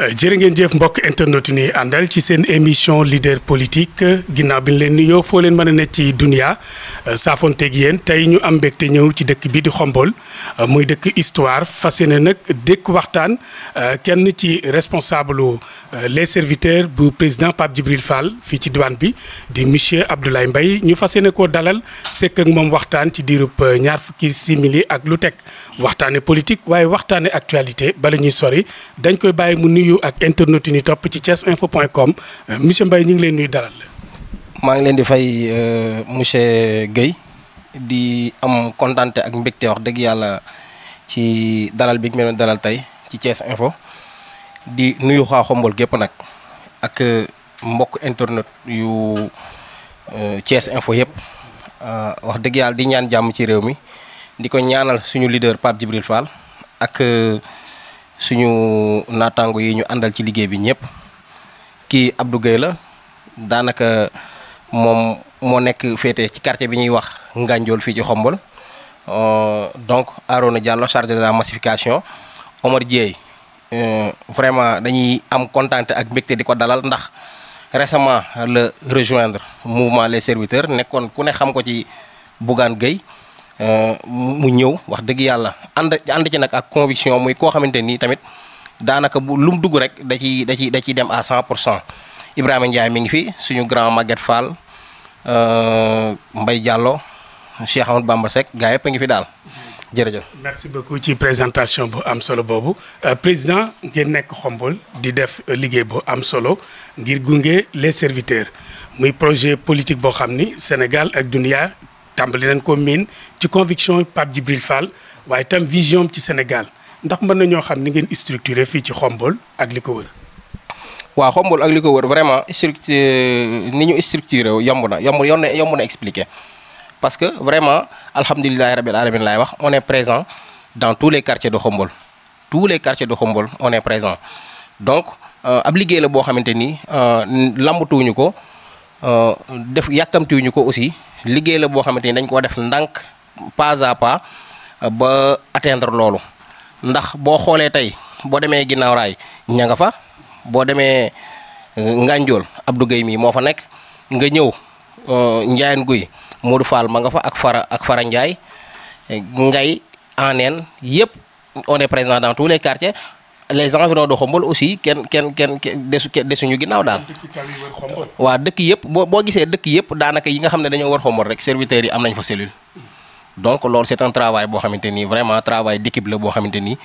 Euh, jërë ngeen jëf mbokk internet yi ñuy àndal ci seen émission leader politique ginnaaw bi ñu leen nuyoo foo leen mën a ne ci dunia euh, saafonteeg yéen tey ñu am mbégte ñëw ci dëkk bi di Xombol euh, muy dëkk histoire fas yéene nag dëkk waxtaan kenn ci responsable les serviteurs bu président Pape Djibril Fall fii ci diwaan bi di monsieur Abdoulaye mbay ñu fas yéene dalal sekk ak moom waxtaan ci diirub ñaar fukki simili ak lu tek waxtaane politique waaye waxtaane actualité bala ñuy sori nuyu ak internet yi ñu topp ci Thiès info point com euh, mbay Mbaye ngi leen nuyu dalal. maa ngi leen di fay euh, monsieur Guèye di am kontante ak mbégte wax dëgg yàlla ci dalal bi nga dalal tey ci Thiès info di nuyu xaa xombol gépp nag ak euh, mbokk internet yu Thiès info yëpp wax dëgg yàlla di ñaan jàmm ci réew mi di ko ñaanal suñu leader Pape Djibril Fall ak. suñu naataango yi ñu àndal ci liggéey bi ñëpp kii Abdou Gueye la daanaka moom moo nekk féete ci quartier bi ñuy wax Nganjool fii ci Xombol euh, donc Arona Diallo chargé de la massification Omar Dieye euh, vraiment dañuy am kontaan ak mbégte di ko dalal ndax récemment la rejoindre mouvement les serviteurs nekkoon ku ne xam ko ci Bougane Gueye Euh, mu ñëw wax dëgg yàlla ànd ànd ci nag ak conviction muy koo xamante nii tamit daanaka bu lu dugg rek da ciy da ciy da ciy dem à 100 pour cent Ibrahima Ndiaye mi ngi fi suñu grand Maguette Fall euh, mbay Diallo Cheikh Amadou Bamba Seck gaa yëpp a ngi fi daal jërëjëf. merci beaucoup ci présentation bu am solo boobu euh, président ngeen nekk xombol di def liggéey bu am solo ngir gunge les serviteurs muy projet politique boo xam ni Sénégal ak dunia tàmbali nañ ko miin ci conviction Pape Djibril Fall waaye tam vision ci Sénégal ndax mën na ñoo xam ni ngeen structuré fii ci Xombol ak li ko wër. waaw Xombol ak li ko wër vraiment structure euh, ni ñu structuré yomb na yomb yomb na yomb na expliqué parce que vraiment alhamdulilah rabil alamin laay wax on est présent dans tous les quartiers de Xombol tous les quartiers de Xombol on est présent donc euh, ab liggéey la boo xamante ni euh, lambatuwuñu ko def yàkkamtiwuñu ko aussi. liggéey la boo xamante ni dañ koo def ndànk pas à pas ba atteindre loolu ndax boo xoolee tey boo demee ginnaaw raay ña nga fa boo demee euh, Nganjool Abdou Guèye mii moo fa nekk nga ñëw euh, Ndiayeen Guy Modou Fall ma nga fa ak Fara ak Fara Ndiaye Ngay Aneen yëpp on est présent dans tous les quartiers. les environs de Xombol aussi kenn kenn kenn desu desuñu ginnaaw daal. waaw dëkk yëpp boo boo gisee dëkk yëpp daanaka yi nga xam ne dañoo war Xombol rek serviteurs yi am nañ fa cellule. donc loolu c'est un travail boo xamante ni vraiment travail d'équipe la boo xamante ni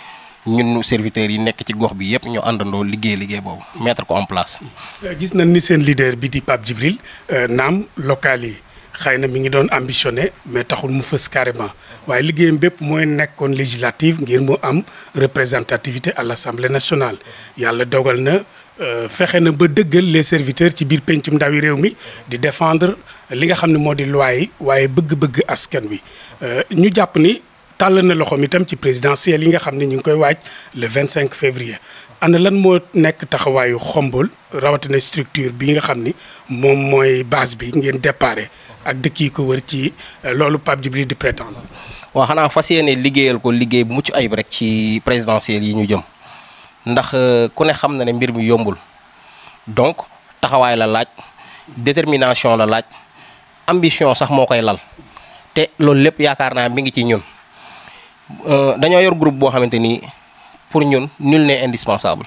ñun serviteurs yi nekk ci gox bi yëpp ñu àndandoo liggéey liggéey boobu mettre ko en place. Euh, gis nañ ni seen leader bi di Pape Djibril euh, naam local yi. xëy na mi ngi doon ambitionné mais taxul mu fës carrément waaye liggéeyam bépp mooy nekkoon législative ngir mu am représentativité à l'Assemblée nationale yàlla dogal na euh, fexe na ba dëggal les serviteurs ci biir pencum ndawi réew mi di défendre li nga xam ne moo di loi yi waaye bëgg-bëgg askan wi euh, ñu jàpp ni tàll na loxoom itam ci présidentielle yi nga xam ni ñu ngi koy waaj le 25 février ana lan moo nekk taxawaayu xombol rawatina structure bi nga xam ni moom mooy base bi ngeen déparé ak dëkk yi ko wër ci euh, loolu Pape Djibril di prétendre. waaw xanaa fas yéene liggéeyal ko liggéey bu mucc ayib rek ci présidentielle yi ñu jëm ndax euh, ku ne xam na ne mbir mi yombul donc taxawaay la laaj détermination la laaj ambition sax moo koy lal te loolu lépp yaakaar naa mi ngi ci ñun euh, dañoo yor groupe boo xamante ni pour ñun nul n'est indispensable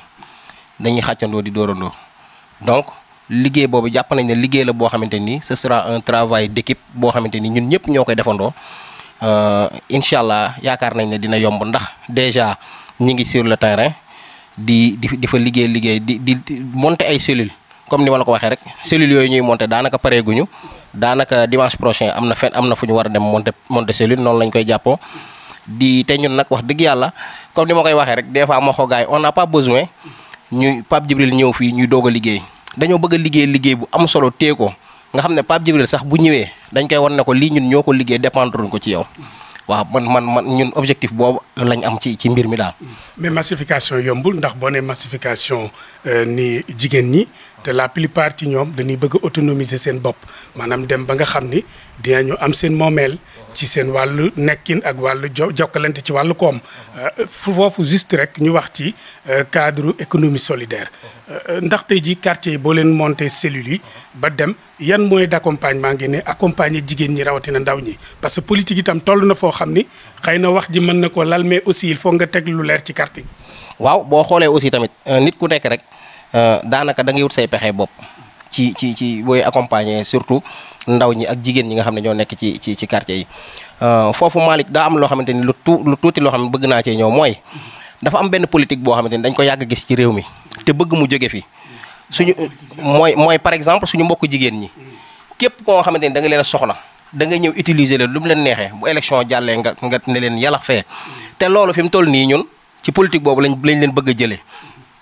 dañuy xàccandoo di dóorandoo donc. liggéey boobu jàpp nañ ne liggéey la boo xamante ni ce sera un travail d'équipe boo xamante ni ñun ñëpp ñoo koy defandoo euh, incha allah yaakaar nañ ne dina yomb ndax déjà ñu ngi sur le terrain di di di fa liggéey liggéey di di monter ay cellules comme ni ma la ko waxee rek cellules yooyu ñuy monter daanaka pareeguñu daanaka dimanche prochain am na fen am na fu ñu war a dem monter monter cellule noonu lañ koy jàppoo di te ñun nag wax dëgg yàlla comme ni ma koy waxee rek des fois ma xoo gars yi on n'a pas besoin ñuy Pape ñëw fii ñuy doog a liggéey. dañoo bëgg liggéey liggéey bu am solo téye ko nga xam ne Pape Djibril sax bu ñëwee dañ koy wan ne ko lii ñun ñoo ko liggéey dépendre ko ci yow waaw man man man ñun objectif boobu lañ am ci ci mbir mi daal. mais massification yombul ndax boo nee massification euh, ni jigéen ñi. te la plupart ci ñoom dañuy bëgg a seen bopp maanaam dem ba nga xam ni dinañu am seen moomeel ci seen wàll nekkin ak wàll jo jokkalante ci wàllu koom euh, foofu juste rek ñu wax ci euh, cadre économie solidaire euh, ndax tey ji quartier boo leen monter cellules yi ba dem yan mooy d'accompagnement ngi ne accompagner jigéen ñi rawatina ndaw ñi parce que politique itam toll na foo xam ni xëy na wax ji mën na ko lal mais aussi il faut nga teg lu leer ci quartier waaw boo xoolee aussi tamit nit ku nekk rek. Euh, daanaka da ngay wut say pexe bopp ci ci ci booy accompagner surtout ndaw ñi ak jigéen ñi nga xam ne ñoo nekk ci ci ci quartier yi euh, foofu Malick daa am loo xamante ni lu tu lu tuuti loo xam ne bëgg naa cee ñëw mooy dafa am benn politique boo xamante ni dañ ko yàgg gis ci réew mi te bëgg mu jóge fi suñu mooy mooy par exemple suñu mbokk jigéen ñi képp koo xamante ni da nga leen a soxla da nga ñëw utiliser leen lu mu leen neexee bu élection jàllee nga nga ne leen yàlla fee te loolu fi mu toll nii ñun ci politique boobu lañ lañ leen bëgg a jëlee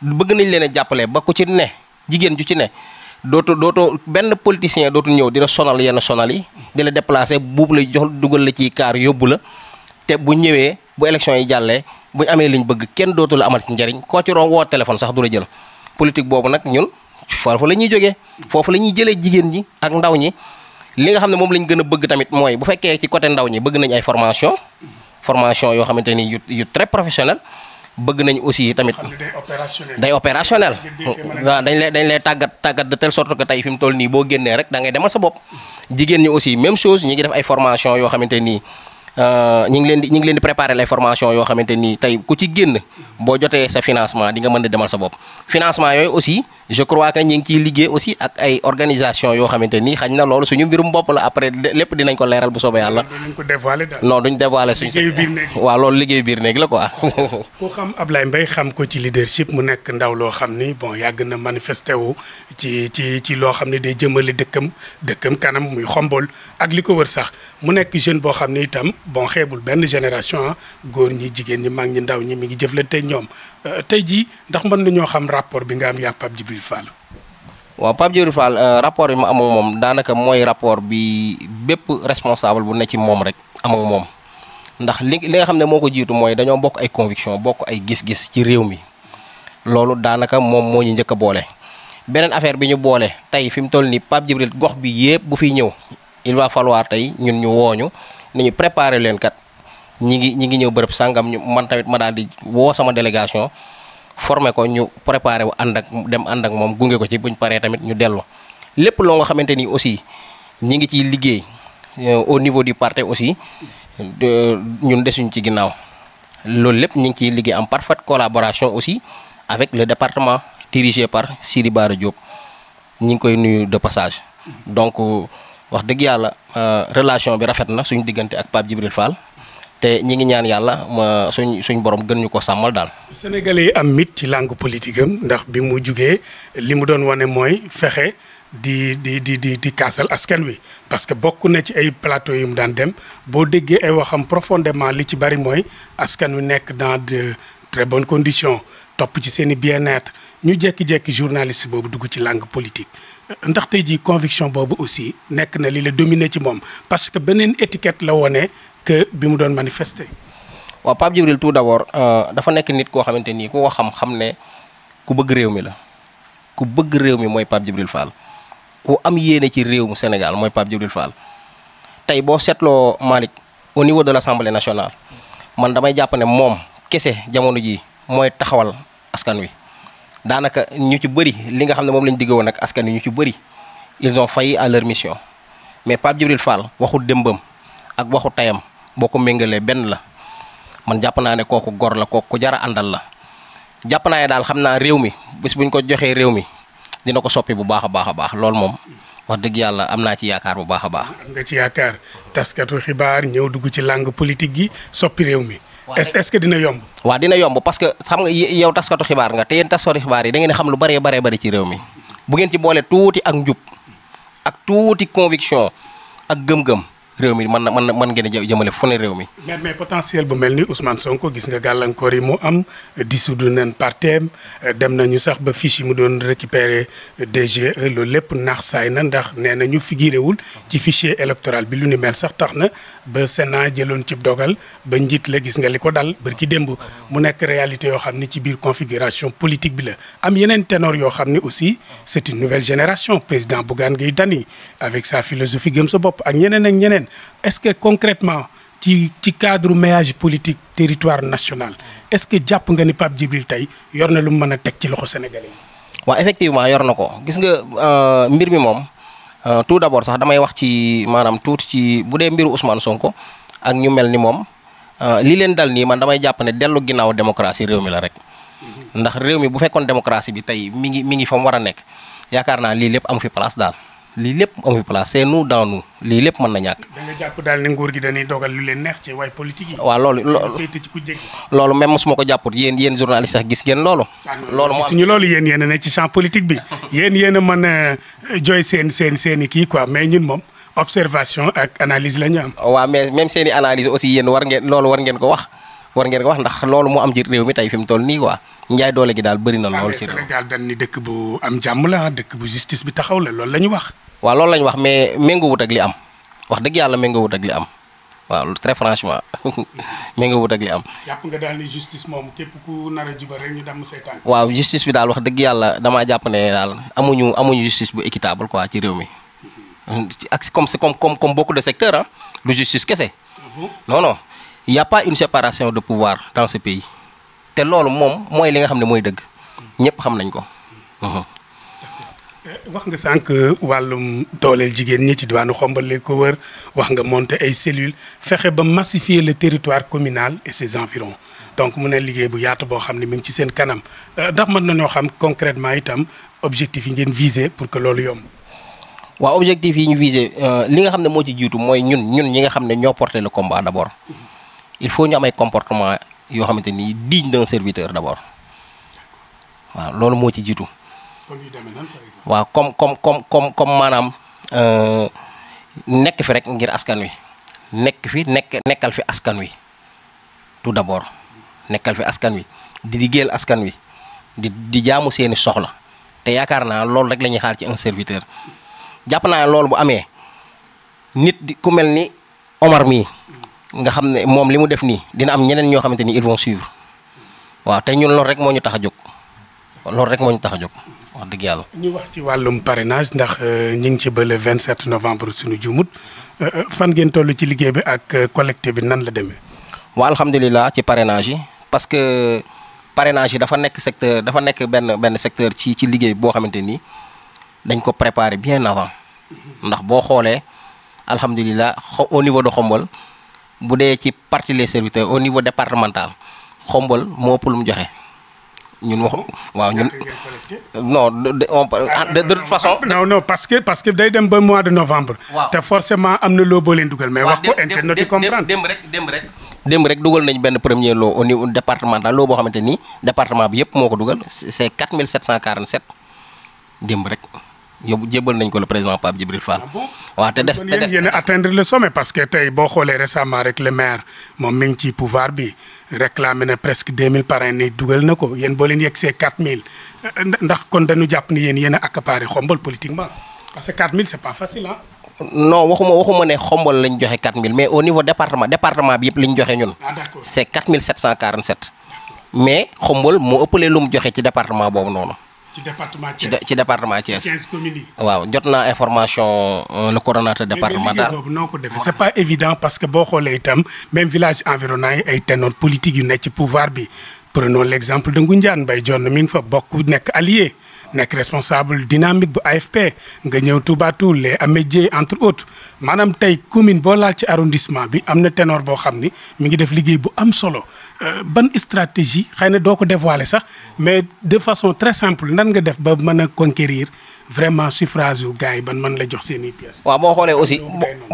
bëgg nañ leen a jàppale ba ku ci ne jigéen ju ci ne dooto dooto benn politicien dootu ñëw dina sonal yenn sonal yi di la bu buubu la jox dugal la ci kaar yóbbu la te bu ñëwee bu élection yi jàllee bu ñu amee liñ bëgg kenn dootu la amal si njariñ koo ci roon woo téléphone sax du la jël politique boobu nag ñun foofu la ñuy jóge foofu la ñuy jëlee jigéen ñi ak ndaw ñi li nga xam ne moom lañ gën a bëgg tamit mooy bu fekkee ci côté ndaw ñi bëgg nañ ay formation formation yoo xamante ni yu yu très professionnel bëgg nañu aussi tamit. day opérationnel waaw dañ lay dañ lay tàggat tàggat de telle sorte que tey fi mu toll nii boo génnee rek da demal sa bopp. jigéen ñi aussi même chose ñi ngi def ay formation yoo xamante nii Euh, ñi ngi leen di ñi ngi leen di préparer les formations yoo xamante ni tey ku ci génn boo jotee sa financement di nga mën a demal sa bopp financement yooyu aussi je crois que ñi ngi ciy liggéey aussi ak ay organisation yoo xamante ni xañ na loolu suñu mbirum bopp la après lépp dinañ ko leeral bu soobee yàlla non duñ dévoiler suñu waaw loolu liggéey biir néeg la quoi am xam Ablaye Mbaye xam ko ci leadership mu nekk ndaw loo xam ni bon yàgg na manifesté wu ci ci loo xam ne day jëmale dëkkam dëkkam kanam muy xombol ak li ko wër sax mu nekk jeune boo xam ne itam bon xeebul benn génération ah. góor ñi jigéen ñi mag ñi ndaw ñi mi ngi jëflante ñoom euh, tey jii ndax mën ñoo xam rapport bi nga am yaa Pape Djibril Fall. waaw Pape Djibril Fall euh, rapport bi ma am moom daanaka mooy rapport bi bépp responsable bu ne ci moom rek am moom ndax li li nga xam ne moo ko jiitu mooy dañoo bokk ay conviction bokk ay gis-gis ci réew mi loolu daanaka moom moo ñu njëkk a boole. beneen affaire bi ñu boole tey fi mu toll nii Pape Djibril gox bi yëpp bu fiy ñëw il tey ñun ñu wooñu nañu préparer leen kat ñi ngi ñi ngi ñëw bërëb sàngam ñu man tamit ma daal di woo sama délégation formé ko ñu préparer wu ànd ak dem ànd ak moom gunge ko ci buñ paree tamit ñu dellu lépp loo nga xamante ni aussi ñi ngi ciy liggéey euh, au niveau du parti aussi ñun desuñ ci ginnaaw loolu lépp ñu ngi ciy liggéey en parfaite collaboration aussi avec le département dirigé par Sidi Bara Diop ñu ngi koy nuyu de passage donc euh, wax dëgg yàlla euh, relation bi rafet na suñu diggante ak Pape Djibril Fall te ñi ngi ñaan yàlla ma suñ suñ borom gën ñu ko sàmmal daal. Sénégalais yi am mit ci langue politique am ndax bi mu jógee li mu doon wane mooy fexe di di di di di kaasal askan wi parce que bokk na ci ay plateau yu mu daan dem boo déggee ay waxam profondément li ci bari mooy askan wi nekk dans de très bonnes conditions topp ci seen i bien ñu jékki-jékki journaliste boobu dugg ci langue politique. ndaxte tey jii conviction boobu aussi nekk na li la dominé ci moom parce que beneen étiquette la wone que bi mu doon manifester. waaw Pape Djibril tout d'abord euh, dafa nekk nit koo xamante nii ku ko xam-xam ne ku bëgg réew mi la ku bëgg réew mi mooy Pape Djibril Fall ku am yéene ci réew mu Sénégal mooy Pape Djibril Fall tey boo seetloo Malick au niveau de l'Assemblée nationale man damay jàpp ne moom kese jamono ji mooy taxawal askan wi. daanaka ñu ci bëri li nga xam ne moom la ñu diggoon nag askan wi ñu ci bëri ils ont failli à leur mission mais Pape Djibril Fall waxu démbam ak waxu tayam boo ko méngalee benn la man jàpp naa ne kooku gor la kooku jara àndal la jàpp naa ne daal xam naa réew mi bis bu ñu ko joxee réew mi dina ko soppi bu baax a baax a baax loolu moom wax dëgg yàlla am naa ci yaakaar bu baax a baax. am nga ci yaakaar taskatu xibaar ñëw dugg ci langue politique gi soppi réew est-ce que dina yomb. waa dina yomb parce que xam nga yow taskatu xibaar nga te yéen taskatu xibaar yi da ngeen xam lu bëree baree bëri ci réew mi bu ngeen ci boole tuuti ak njub ak tuuti conviction ak gëm-gëm réew mi mën na mën na mën ngeen a jëmale fu ne réew mi. mais mais potentiel bu mel ni Ousmane Sonko gis nga gàllankoor yi mu am dissoudre nañ parteem dem nañu sax ba fiche yi mu doon récupérer DGE loolu lépp naax saay na ndax nee na ñu figuré wul ci fichier électoral bi lu ni mel sax tax na ba Sénat jëloon ci dogal ba njiit la gis nga li ko dal bërki démb mu nekk réalité yoo xam ni ci biir configuration politique bi la am yeneen ténor yoo xam ni aussi c'est une nouvelle génération président Bougane Gueye Dany ak ñeneen ak leen est-ce que concrètement ci ci cadre maillage politique territoire national est-ce que jàpp nga ni Pape Djibril tey yor na lu mu mën a teg ci loxo sénégalais yi. waaw effectivement yor na ko gis nga euh, mbir mi moom euh, tout d'abord sax damay wax ci maanaam tuuti ci bu dee mbiru Ousmane Sonko ak ñu mel ni moom euh, li leen dal nii man damay jàpp ne dellu ginnaaw démocratie réew mi la rek. Mhm. ndax réew mi bu fekkoon démocratie bi tey mi ngi mi ngi fa mu war a nekk yaakaar naa lii lépp amu fi place daal. lii lépp amu place c'est nous lii lépp mën na ñàkk. jàpp daal ne nguur leen neex ci waay politique yi. waaw loolu loolu loolu même su ko jàpput yéen yéen journaliste sax gis ngeen loolu. Ah, loolu moo suñu loolu yéen yéen a ne ci champ politique bi yéen yéen a mën a jooy seen seen seen kii quoi mais ñun moom. observation ak analyse la ñu am. waaw mais même seen i analyse aussi yéen war ngeen loolu war ngeen ko wax. war ngeen ko wax ndax loolu moo am ci réew mi tey fi mu toll nii quoi njaay doole gi daal bëri na lool ci réew Sénégal dañ dëkk bu am jàmm la dëkk bu justice bi taxaw la loolu la ñu wax waaw loolu la ñu wax mais méngoowut ak li am wax dëgg yàlla méngoowut ak li am waaw très franchement méngoowut ak li am jàpp nga daal ni justice moom képp ku nar a jubal rek ñu damm seetaan bi daal wax dëgg yàlla dama jàpp ne daal amuñu amuñu justice bu équitable quoi ci réew mi mhm. ak comme c'est comme comme comme beaucoup de secteurs ah lu justice kese mhm. non il y a une séparation de pouvoir dans ce pays te loolu moom mooy li nga xam ne mooy dëgg ñëpp xam nañ ko. Mhm. Eh, wax nga sànq wàllum dooleel jigéen ñi ci diwaanu Xombal ko wër wax nga monter ay cellules fexe ba massifier le territoire communal et ses environs donc mun a liggéey bu yaatu boo xam ne mi ngi ci seen kanam eh, ndax mën nañoo xam concrètement itam objectif yi ngeen viser pour que loolu yomb. waaw objectif yi ñu viser euh, li nga xam ne moo ci jiitu mooy ñun ñun ñi nga xam ne ñoo porter le combat d'abord. il faut ñu amay comportement yoo xamante ni digne d'un serviteur d'abord waaw loolu moo ci jiitu. waaw comme comme comme comme comme maanaam euh, nekk fi rek ngir askan wi nekk fi nekkal fi askan wi tout d'abord nekkal fi askan wi di liggéeyal askan wi di di jaamu seeni soxla te yaakaar naa loolu rek la ñuy xaar ci un serviteur jàpp naa loolu bu amee nit di ku mel ni Omar mii. nga xam ne moom li mu def nii dina am ñeneen ñoo xamante ni ils vont suivre waaw tey ñun loolu rek moo ñu tax a jóg loolu rek moo ñu tax a jóg wax dëgg yàlla. ñu wax ci wàllum parrainage ndax euh, ñu ngi ci ba le 27 novembre suñu juumut euh, euh, fan ngeen toll ci liggéey bi ak collecte bi nan la demee. waaw alhamdulilah ci parrainage yi parce que parrainage yi dafa nekk secteur dafa nekk benn benn secteur ci ci liggéey boo xamante ni dañ ko préparer bien avant mhm. ndax boo xoolee alhamdulilah au niveau de Xombol. bu dee ci partie les serviteurs au niveau départemental xombal moo ëpp lu mu joxe ñun wax waaw ñun non de de ah, toute façon. Ah, non parce que day dem ba mois de novembre. waaw te forcément am na loo leen dugal. mais wax ko internet di comprendre dem rek dem rek. démb rek dugal nañ benn premier lot au niveau départemental loo boo xamante ni département bi yëpp moo ko dugal c' est 4747 démb rek. yóbbu jébbal nañ ko le président Pape Djibril Fall. Ah waaw te des te des yéen atteindre parce que tey boo xoolee récemment rek le maire moom mi ngi ci pouvoir bi réclamé na presque 2000 parrain ni dugal na ko yéen boo leen yegg see 4000 ndax kon dañu jàpp ni yéen yéen a accaparé xombal politiquement parce que 4000 c'est pas facile ah. non waxuma waxuma ne xombal lañ joxe 4000 mais au niveau département département bi yëpp li ñu joxe ñun. ah d'accord c'est 4747. mais xombal moo ëppalee lu mu joxe ci département boobu noonu. ci département Thiès ci département waaw jot naa information euh, le coordonnateur départemental. mais c'est pas évident parce que boo xoolee itam même village environnant yi ay tenor politique yu nekk pouvoir bi prenons l'exemple de Ngoundiane Mbaye Dione mi ngi fa bokk nekk allié. nekk responsable dynamique bu AFP nga ñëw Touba Toul les Amédié entre autres maanaam tey commune boo laal ci arrondissement bi am na ténor boo xam ni mu ngi def liggéey bu am solo euh, ban stratégie xëy na doo ko dévoiler sax mais de façon très nan nga def ba mën a conquérir vraiment suffrage yu gars yi ban mën la jox seen i boo xoolee aussi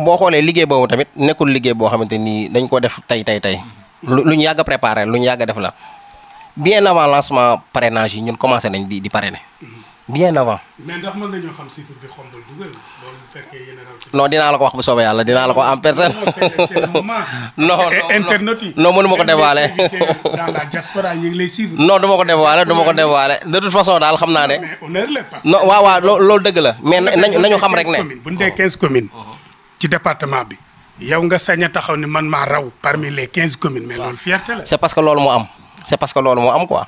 boo xoolee liggéey boobu tamit nekkul liggéey boo xamante ni dañ ko def tey tey tey lu ñu yàgg a préparé lu ñu yàgg def la. bien avant lancement parrainage yi ñun commencé nañ di di parrainer. Mm-hmm. bien avant. mais ndax mën nañoo xam chiffre bi xombal dugal loolu bu fekkee yéen a. dinaa la ko wax bu soobee yàlla dinaa la ko en personne. Eh, non internet yi. non mënu ma ko dévoiler. dans la diaspora ma ko dévoiler du ko dévoiler de toute façon daal xam naa ne. mais honneur la parce que. non waaw waaw loolu dëgg la mais nañu xam rek ne. bu ñu dee 15 communes. ci département bi. yow nga sañ taxaw ni man maa raw parmi les 15 communes. mais loolu fierté la. c'est parce que loolu mu am. c'est parce que loolu moo am quoi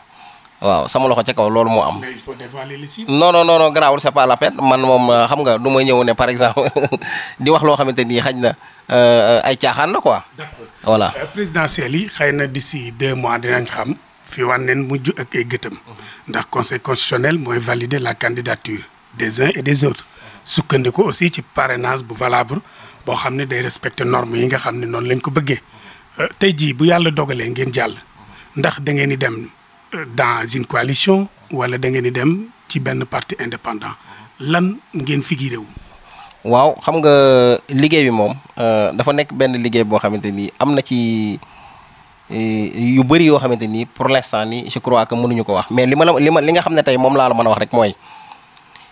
waaw sama loxo ca kaw loolu moo am. mais il faut dévoiler les signes. non non non garaawul c'est pas la peine man moom euh, xam nga du ma ñëw ne par exemple di wax loo xamante ni xaj na euh, ay caaxaan la quoi. d'accord voilà. Euh, présidentielle yi xëy na di si deux mois dinañ xam. fi wànneen mujj ak ay gëtam. Mhm. ndax conseil constitutionnel mooy valider la candidature des uns et des autres. sukkandiku aussi ci parrainage bu valable boo xam ne day respecter norme yi nga xam ne noonu lañ ko bëggee tey jii bu yàlla dogalee ngeen jàll. ndax da ngeen di dem euh, dans une coalition wala da ngeen di dem ci benn parti indépendant lan ngeen figuré wu. waaw xam nga euh, liggéey bi moom euh, dafa nekk benn liggéey boo xamante ni am na ci yu bëri yoo xamante ni pour l'instant ni je crois que mënuñu ko wax mais li ma la li ma li nga xam ne tey moom laa la mën a wax rek mooy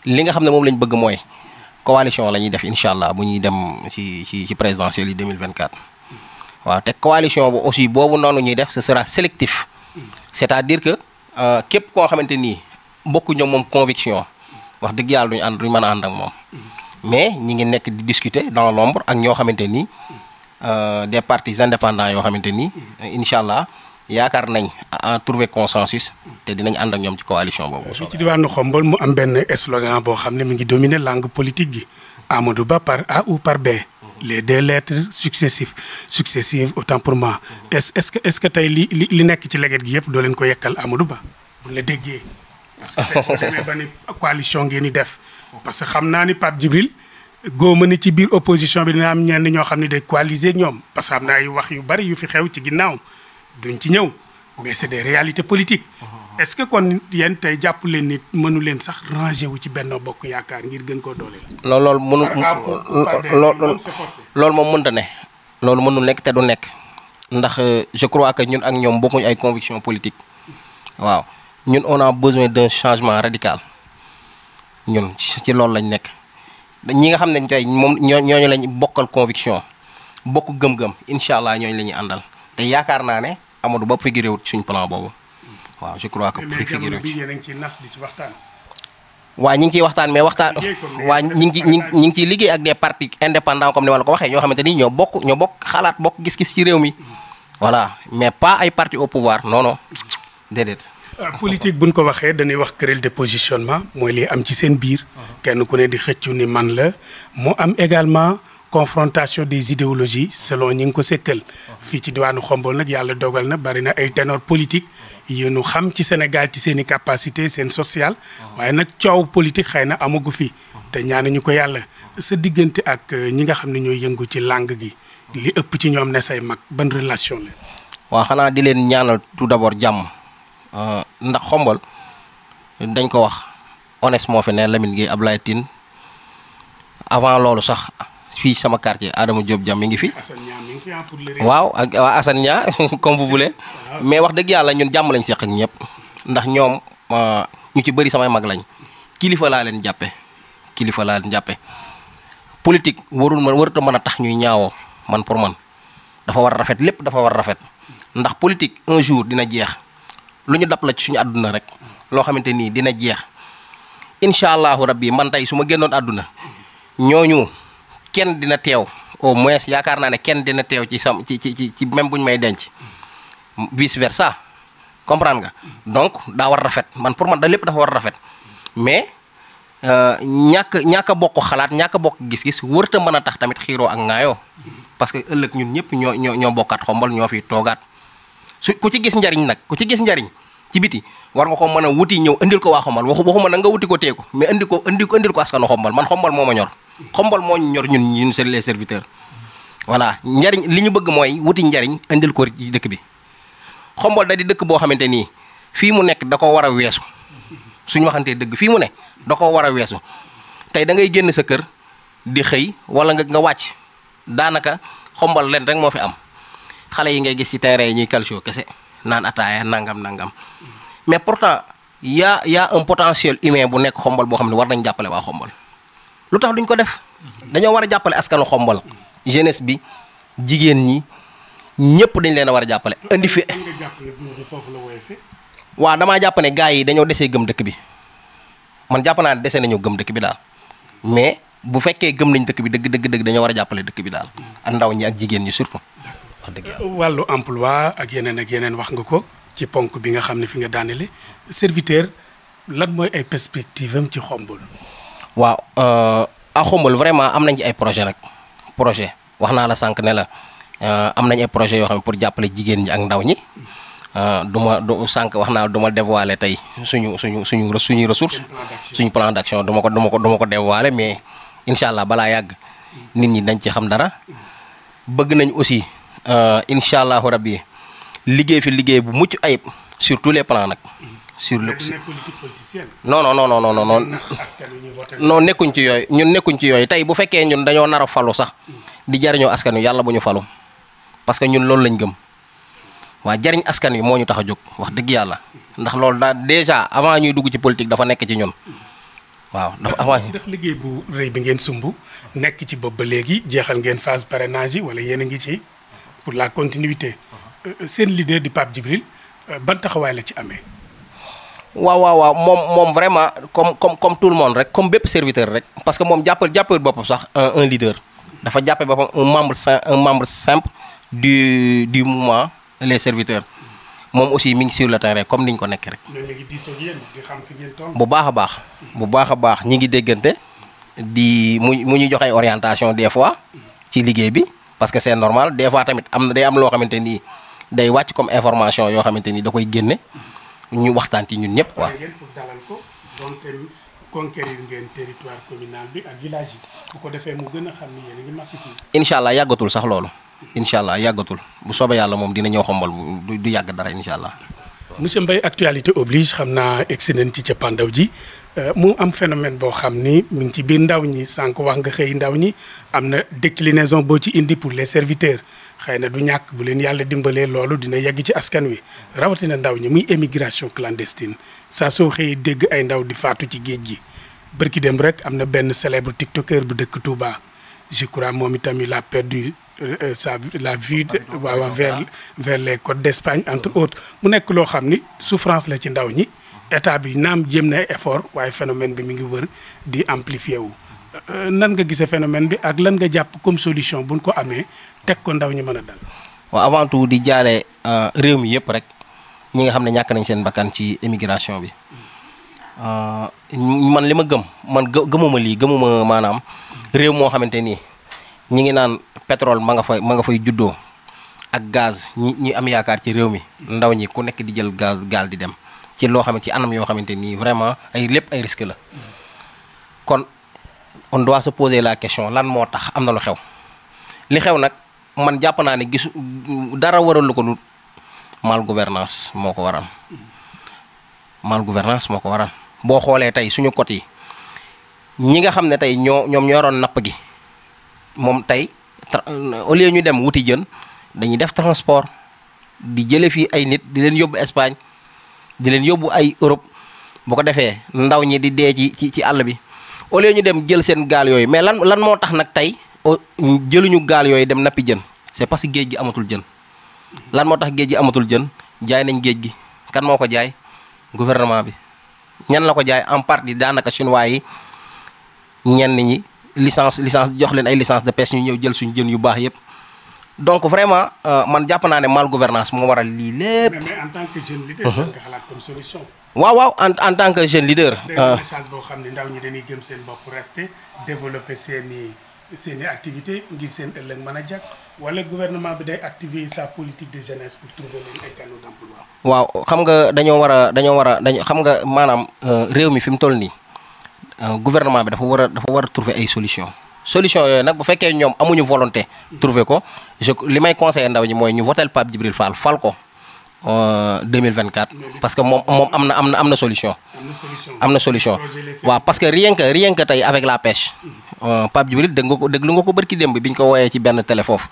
li nga xam ne moom lañ bëgg mooy coalition la ñuy def incha allah bu ñuy dem ci ci ci présidentielle yi 2024. waaw te coalition bu aussi boobu noonu ñuy def ce sera sélectif c'est-à-dire que euh, képp koo xamante nii bokku ñoom moom conviction wax dëgg yàlla duñu ànd duñu mën a ànd ak moom mais ñi ngi nekk di discuter dans l'ombre ak ñoo xamante nii euh, des partis indépendants yoo xamante nii incha allah yaakaar nañ à trouver consensus te dinañ ànd ak ñoom ci coalition boobu. ci diwaanu Xombol mu am benn slogan boo xam ne mu ngi dominer langue politique bi Amadou Ba par A ou par les deux lettres successives successives autant pour moi est ce que est ce que tey li li nekk ci leget gi yëpp dooleen ko yekkal Amadou Ba buñ la déggee. parce que tey ba ni coalition ngeen di def. parce que xam naa ni Pape Djibril góoma ni ci biir opposition bi dina am ñenn ñoo xam ne day coaliser ñoom parce que naa na wax yu bari yu fi xew ci ginnaaw duñ ci ñëw. mais c'est des réalité politique uh-huh. est-ce que kon yéen jàpp leen nit mënu leen sax ranger wu ci Benno Bokk Yaakaar ngir gën koo dooleel. loolu loolu mënu loolu loolu moom mënta ne. loolu mënul nekk te du nekk ndax euh, je crois que ñun ak ñoom bokkuñu ay conviction politique waaw ñun on a besoin d'un changement radical ñun ci loolu lañ nekk ñi nga xam ne tey moom ñooñu lañ bokkal conviction bokk gëm-gëm incha allah ñooñu la ñuy àndal te yaakaar naa ne. Amadou Ba figuré wut suñ plan boobu waaw je crois waa ñu ngi ciy waxtaan mais waxtaan waa ñu ngi ñu ngi ñu ngi ciy liggéey ak des partis indépendants comme ni ma la ko waxee ñoo xamante ni ñoo bokk ñoo bokk xalaat bokk gis-gis ci réew mi voilà mais pas ay parti au pouvoir non non déedéet. Euh, politique buñ ko waxee dañuy wax querelle de positionnement mooy li am ci seen biir. Ah. kenn ku ne di xëccu ni man la moo am également. confrontation des idéologies selon ñi ngi ko sekkal fii ci diwaanu Xombol nag yàlla dogal na bari na ay ténor politique yu nu xam ci Sénégal ci seen i capacité seen social waaye nag coow politique xëy na amagu fi te ñaanuñu ko yàlla sa diggante ak euh, ñi nga xam ne ñooy yëngu ci langue gi li ëpp ci ñoom ne say mag ban relation la waa xanaa di leen ñaanal tout d'abord jàmm euh, ndax Xombol dañ ko wax honnêtement moo fi ne Lamine Gueye Ablaye Tine avant loolu sax fii sama quartier Adama Diop Diam mi ngi fi. Ah, waaw ak waa Assane Nia comme vous voulez. mais wax dëgg yàlla ñun jàmm lañ seq ak ñëpp. ndax ñoom euh, ñu ci bëri samay mag lañ kilifa laa leen jàppe kilifa laa leen jàppe politique warul ma warut a mën a tax ñuy ñaawoo man pour man dafa war a rafet lépp dafa war a rafet ndax politique un jour dina jeex lu ñu dab la ci suñu àdduna rek loo xamante nii dina jeex incha allahu rabbi man tey su ma génnoon àdduna ñooñu. kenn dina teew au moins yaakaar naa ne kenn dina teew ci sam ci ci ci même bu ñu may denc vice versa comprendre nga donc daa war rafet man pour man da lépp dafa war rafet mais euh, ñàkk ñàkk a bokk xalaat ñàkk bokk gis-gis wërta mën a tax tamit xiiroo ak ŋaayoo parce que ëllëg ñun ñëpp ñoo ñoo ñoo bokkaat xombal ñoo fi toogaat su ku ci gis njariñ nag ku ci gis njariñ ci biti war nga ko mën a wuti ñëw indil ko waa xombal waxu waxuma na nga wuti ko teeku mais indi ko indi ko indil ko askanu xombal man xombal moo ma ñor xombal moo ñor ñun ñun les serviteurs voilà njariñ li ñu bëgg mooy wuti njariñ indil ko ci dëkk bi xombal da di dëkk boo xamante nii fii mu nekk da ko war a weesu suñu waxantee dëgg fii mu ne da ko war a weesu tey da ngay génn sa kër di xëy wala nga nga wàcc daanaka xombal leen rek moo fi am xale yi ngay gis ci terrain ñuy calcio kese naan ataaya nangam nangam mais pourtant yaa yaa y a humain bu nekk xombal boo xam ne war nañ jàppale waa xombal lu tax duñ ko def dañoo war a jàppale askanu xombal jeunesse bi jigéen ñi ñëpp dañ leen a war a jàppale. indi fi waa damaa jàpp ne gars yi dañoo desee gëm dëkk bi man jàpp naa ne dese nañoo gëm dëkk bi daal mais bu fekkee gëm nañ dëkk bi dëgg dëgg dëgg dañoo war a jàppale dëkk bi daal ak ndaw ñi ak jigéen ñi surtout. wax dëgg yàlla. wàllu emploi ak yeneen ak yeneen wax nga ko ci ponk bi nga xam ne fi nga daanele serviteur lan mooy ay perspectives am ci xombul. waaw euh, à xombul vraiment am nañ ci ay projet rag projet wax naa la sànq ne la euh, am nañ ay projet yoo xam ne pour jàppale jigéen ñi ak ndaw ñi. Euh, du ma du sànq wax naa du ma dévoiler tey suñu suñu suñu suñuy ressource suñu plan d'action du ko du ma ko du ma ko dévoiler mais incha allah balaa yàgg nit ñi dañ ci xam dara bëgg nañ aussi Euh, incha allahu rabbi liggéey fi liggéey bu mucc ayib sur tous les plans nag. sur le non non non non non non non nekkuñ ci yooyu ñun nekkuñ ci yooyu tey bu fekkee ñun dañoo nar a falu sax di jariñoo askan wi yàlla bu ñu falu parce que ñun loolu lañ gëm waa jariñ askan wi moo ñu tax a jóg wax dëgg yàlla ndax loolu daal déjà avant ñuy dugg ci politique dafa nekk ci ñun waaw dafa avant def liggéey bu rëy bi ngeen sumb nekk ci bopp ba léegi jeexal ngeen phase parrainage yi wala yéen a ngi ci. pour la continuité euh, seen leader di Pape Djibril euh, ban taxawaay la ci amee. waaw waaw waaw moom moom vraiment comme comme comme tout le monde rek comme bépp serviteur rek parce que moom jàppale jàppal boppam sax euh, un leader dafa jàppe boppam un membre un membre simple du mois mouvement les serviteurs moom aussi mi ngi sur le terrain comme ni ñu ko nekk rek. bu baax a baax. bu baax a baax ñi ngi déggante di mu mu ñu joxe orientation des fois ci liggéey bi. parce que c'est normal des fois tamit am na day am loo xamante nii day wàcc comme information yoo xamante ni da koy génne ñu waxtaan ci ñun ñëpp quoi. pour ko donte conquérir ngeen territoire ko defee mu gën a xam ni allah yàggatul sax loolu. incha allah yàggatul bu soobee yàlla moom dina ñëw xombal du yàgg dara incha allah. monsieur Mbaye actualité oblige xam naa egg si nañ ci cappaandaw ji Euh, mu am phénomène boo xam ni mu ngi ci biir ndaw ñi sànq wax nga xëy ndaw ñi am na déclinaison boo ci indi pour les serviteurs xëy na du ñàkk bu leen yàlla dimbalee loolu dina yegg ci askan wi rawatina ndaw ñi muy émigration clandestine saa soo xëyee dégg ay ndaw di faatu ci géej gi bërki dem rek am na benn célèbre tiktoker bu dëkk Touba je crois moom itamit la a perdu euh, euh, sa la vie waaw vers vers les côtes d'Espagne entre autres mu nekk loo xam ni souffrance la ci ndaw ñi état bi naam jéem na effort waaye phénomène bi mu ngi wër di amplifier wu. Euh, nan nga gisee phénomène bi ak lan nga jàpp comme solution bu buñ ko amee teg ko ndaw ñu mën a dal. waa avant tout di jaale euh, réew mi yëpp rek ñi nga xam ne ñàkk nañ seen bakkan ci émigration bi euh, man li ma gëm man gëmuma lii gëmuma maanaam réew moo xamante nii ñi ngi naan pétrole ma nga fay ma nga fay juddoo ak gaz ñi ñi am yaakaar ci réew mi ndaw ñi ku nekk di jël gaz gaal di dem ci loo xamante ci anam yoo xamante nii vraiment ay lépp ay risque la kon on doit se poser la question lan moo tax am na lu xew li xew nag man jàpp naa ne gisu dara waralu ko lu mal gouvernance moo ko waral mal gouvernance moo ko waral boo xoolee tey suñu côté yi ñi nga xam ne tey ñoo ñoom ñoo yoroon napp gi moom tey euh, au lieu ñu dem wuti jën dañuy def transport di jële fii ay nit di leen yóbbu Espagne di leen yóbbu ay Europe bu ko defee ndaw ñi di dee ci ci àll bi au ñu dem jël seen gaal yooyu mais lan lan moo tax nag tey jëluñu gaal yooyu dem nappi jën c'est parce que géej gi amatul jën lan moo tax géej gi amatul jën jaay nañ géej gi kan moo ko jaay gouvernement bi ñan la ko jaay en partie daanaka chinois yi ñenn ñi licence licence jox leen ay licence de pêche ñu ñëw jël suñu jën yu baax yépp donc vraiment euh, man jàpp naa ne mal gouvernance moo waral lii lépp. mais en tant que jeune leader. Uh-huh. solution. waaw waaw en en tant que jeune leader. Euh. message boo xam ne ndaw ñi dañuy gëm seen bopp rester développer seeni seeni activité ngir seen ëllëg man a jag wala gouvernement bi day activer sa politique de jeunesse pour trouver leen ay canaux d'emploi. waaw xam nga dañoo war a dañoo war a dañoo xam nga maanaam euh, réew mi fi mu toll nii gouvernement bi dafa war a dafa war a trouver ay solution solution yooyu nag bu fekkee ñoom amuñu volonté trouver ko je li may conseillé ndaw ñi mooy ñu votel Pape Djibril Fall fal ko 2024 euh, parce que moom moom na am na am na am na solution parce que rien que rien que tey avec la pêche euh, Pape Djibril dégg nga ko déglu nga ko bërki démb bi ñu ko wooyee ci benn télé foofu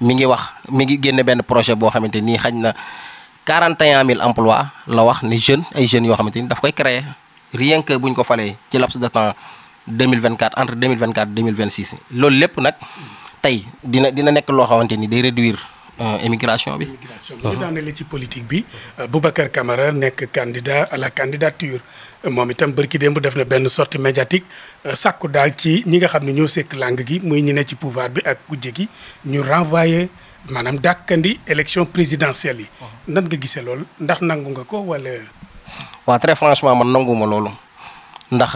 mi ngi wax mi ngi génne benn projet boo xamante nii xañ na en mille emploi la wax ni jeunes ay jeunes yoo xamante ni daf koy créer rien que bu ñu ko falee ci laps de temps 2024 entre 2024 2026 loolu lépp nag tey dina dina nekk loo xamante ni day réduire euh, émigration bi. émigration bi ñu daanale ci politique bi euh, Boubacar Camara nekk candidat à la candidature moom itam bërki bu def na benn sortie médiatique euh, sàkku daal ci ñi nga xam ne ñoo sekk langue gi muy ñi ci pouvoir bi ak kujje gi ñu renvoyé. maanaam dàkkandi élection présidentielle yi. nan nga gisee loolu ndax nangu nga ko walla waa très franchement man nangu ma loolu ndax.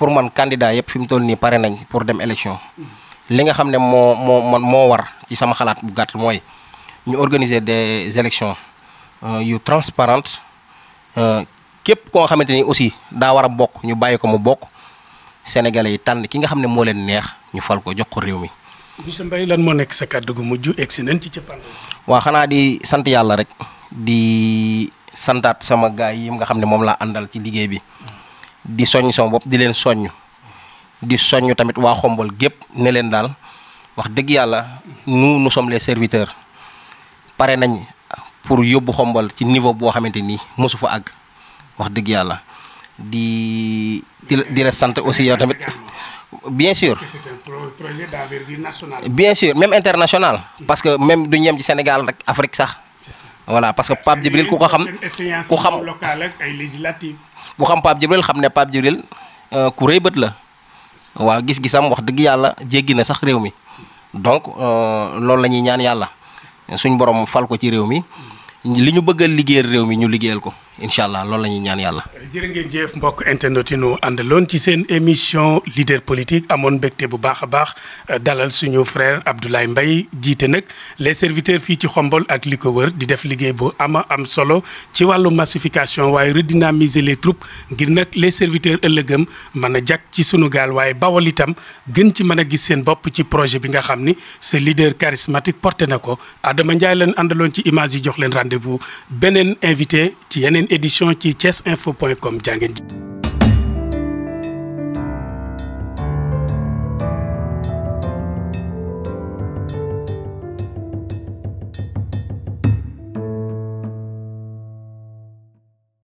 pour man candidat yëpp fi mu toll nii pare nañ pour dem élection li nga xam ne moo moo man moo war ci sama xalaat bu gàtt mooy ñu organiser des élections euh, yu transparentes euh, képp koo xamante ni aussi daa war a bokk ñu bàyyi ko mu bokk sénégalais yi tànn ki nga xam ne moo leen neex ñu fal ko jox ko réew mi. monsieur Mbaye lan moo nekk sa kàddu gu mujj egg si nañ ci cëppandaw. waaw xanaa di sant yàlla rek di santaat sama gaay yi nga xam ne moom laa àndal ci liggéey bi. di soññ sama bopp di leen soññ di soññ tamit waa xombol gépp ne leen daal wax dëgg yàlla nous nous sommes les serviteurs pare nañ pour yóbbu xombol ci niveau boo xamante ni mosu fa àgg wax dëgg yàlla di di la sant aussi yow tamit bien sûr bien sûr même international parce que même du ñem ci Sénégal rek Afrique sax voilà parce que Pape Djibril ku ko xam ku xam ku xam Pape Djibril xam ne Pape Djibril euh, ku rëy bët la waa gis-gisam wax dëgg yàlla jéggi na sax réew mi donc euh, loolu la ñuy ñaan yàlla suñ borom fal ko ci réew mi li ñu bëggal liggéeyal réew mi ñu liggéeyal ko incha allah lool la ñuy ñaan yàlla. jërë ngeen jëf mbokk internet yi ñu àndaloon ci seen émission leader politique amoon mbégte bu baax a baax euh, dalal suñu frère Abdoulaye mbay jiite nag les serviteurs fii ci xombol ak li ko wër di def liggéey bu ama am solo ci wàllu massification waaye redynamiser les troupes ngir nag les serviteurs ëllëgëm mën a jag ci sunu gaal waaye bawal itam gën ci mën a gis seen bopp ci projet bi nga xam ni ce leader charismatique porté na ko Adama Ndiaye leen àndaloon ci image yi jox leen rendez-vous beneen invité ci yeneen édition ci thiesinfo.com jaa ngeen